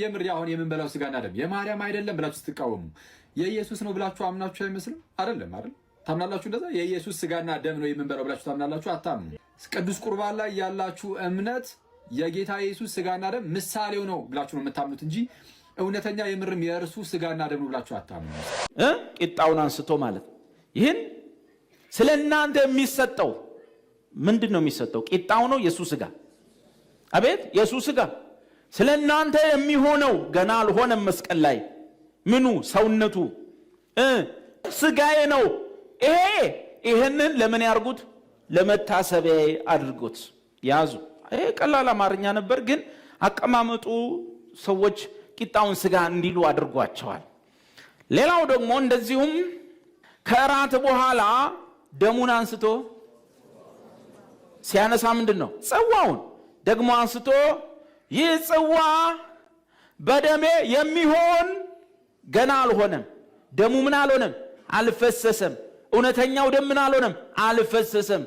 የምር አሁን የምንበላው ስጋና ደም የማርያም አይደለም ብላችሁ ስትቃወሙ የኢየሱስ ነው ብላችሁ አምናችሁ አይመስልም? አይደለም አይደል? ታምናላችሁ? እንደዛ የኢየሱስ ስጋና ደም ነው የምንበላው ብላችሁ ታምናላችሁ? አታምኑ። ቅዱስ ቁርባን ላይ ያላችሁ እምነት የጌታ ኢየሱስ ስጋና ደም ምሳሌው ነው ብላችሁ ነው የምታምኑት እንጂ እውነተኛ የምርም የእርሱ ስጋና ደም ነው ብላችሁ አታምኑ። ቂጣውን አንስቶ ማለት ይህን ስለ እናንተ የሚሰጠው ምንድን ነው? የሚሰጠው ቂጣው ነው የእሱ ስጋ። አቤት የእሱ ስጋ ስለ እናንተ የሚሆነው ገና አልሆነም። መስቀል ላይ ምኑ ሰውነቱ ስጋዬ ነው። ይሄ ይህንን ለምን ያርጉት? ለመታሰቢያ አድርጎት ያዙ። ይሄ ቀላል አማርኛ ነበር፣ ግን አቀማመጡ ሰዎች ቂጣውን ስጋ እንዲሉ አድርጓቸዋል። ሌላው ደግሞ እንደዚሁም ከእራት በኋላ ደሙን አንስቶ ሲያነሳ ምንድን ነው ጽዋውን ደግሞ አንስቶ ይህ ጽዋ በደሜ የሚሆን ገና አልሆነም። ደሙ ምን አልሆነም? አልፈሰሰም። እውነተኛው ደም ምን አልሆነም? አልፈሰሰም።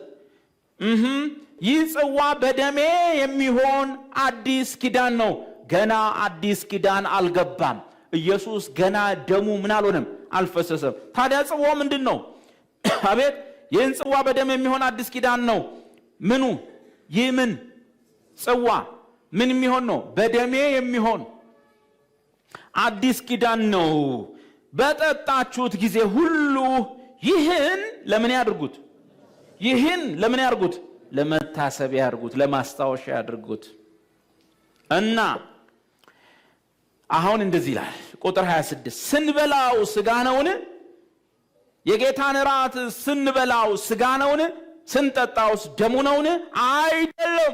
ይህ ጽዋ በደሜ የሚሆን አዲስ ኪዳን ነው። ገና አዲስ ኪዳን አልገባም። ኢየሱስ ገና ደሙ ምን አልሆነም? አልፈሰሰም። ታዲያ ጽዋው ምንድን ነው? አቤት! ይህን ጽዋ በደም የሚሆን አዲስ ኪዳን ነው። ምኑ ይህ ምን ጽዋ ምን የሚሆን ነው? በደሜ የሚሆን አዲስ ኪዳን ነው። በጠጣችሁት ጊዜ ሁሉ ይህን ለምን ያድርጉት? ይህን ለምን ያድርጉት? ለመታሰብ ያድርጉት፣ ለማስታወሻ ያድርጉት። እና አሁን እንደዚህ ይላል ቁጥር 26 ስንበላው ስጋ ነውን? የጌታን እራት ስንበላው ስጋ ነውን? ስንጠጣውስ ደሙ ነውን? አይደለም።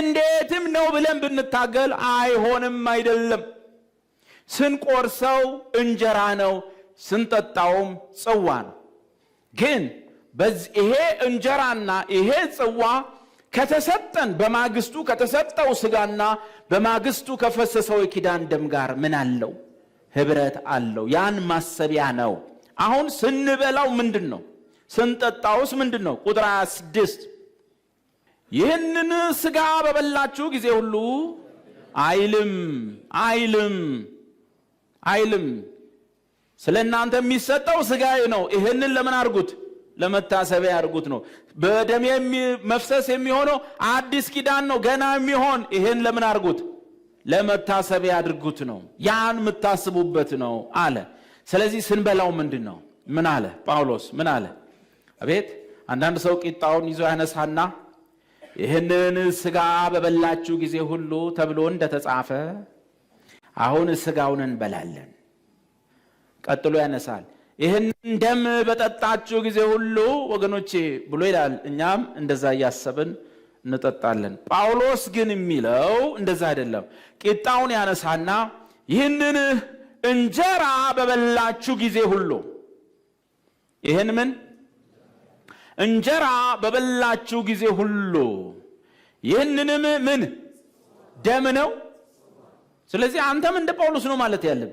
እንዴትም ነው ብለን ብንታገል አይሆንም። አይደለም ስንቆርሰው እንጀራ ነው፣ ስንጠጣውም ጽዋ ነው። ግን ይሄ እንጀራና ይሄ ጽዋ ከተሰጠን በማግስቱ ከተሰጠው ስጋና በማግስቱ ከፈሰሰው የኪዳን ደም ጋር ምን አለው? ህብረት አለው። ያን ማሰቢያ ነው። አሁን ስንበላው ምንድን ነው? ስንጠጣውስ ምንድን ነው? ቁጥር 26 ይህንን ስጋ በበላችሁ ጊዜ ሁሉ አይልም አይልም አይልም። ስለ እናንተ የሚሰጠው ስጋዬ ነው። ይህንን ለምን አድርጉት? ለመታሰቢያ አድርጉት ነው። በደም መፍሰስ የሚሆነው አዲስ ኪዳን ነው ገና የሚሆን ይህን ለምን አድርጉት? ለመታሰቢያ አድርጉት ነው። ያን የምታስቡበት ነው አለ። ስለዚህ ስንበላው ምንድን ነው? ምን አለ ጳውሎስ? ምን አለ? አቤት አንዳንድ ሰው ቂጣውን ይዞ ያነሳና ይህንን ስጋ በበላችሁ ጊዜ ሁሉ ተብሎ እንደተጻፈ አሁን ስጋውን እንበላለን። ቀጥሎ ያነሳል። ይህንን ደም በጠጣችሁ ጊዜ ሁሉ ወገኖቼ ብሎ ይላል። እኛም እንደዛ እያሰብን እንጠጣለን። ጳውሎስ ግን የሚለው እንደዛ አይደለም። ቂጣውን ያነሳና ይህንን እንጀራ በበላችሁ ጊዜ ሁሉ ይህን ምን እንጀራ በበላችሁ ጊዜ ሁሉ ይህንንም ምን ደም ነው። ስለዚህ አንተም እንደ ጳውሎስ ነው ማለት ያለብ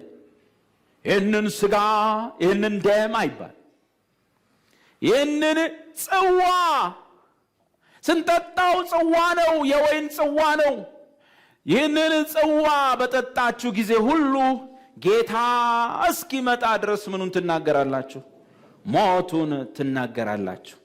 ይህንን ስጋ ይህንን ደም አይባል። ይህንን ጽዋ ስንጠጣው ጽዋ ነው፣ የወይን ጽዋ ነው። ይህንን ጽዋ በጠጣችሁ ጊዜ ሁሉ ጌታ እስኪመጣ ድረስ ምኑን ትናገራላችሁ? ሞቱን ትናገራላችሁ።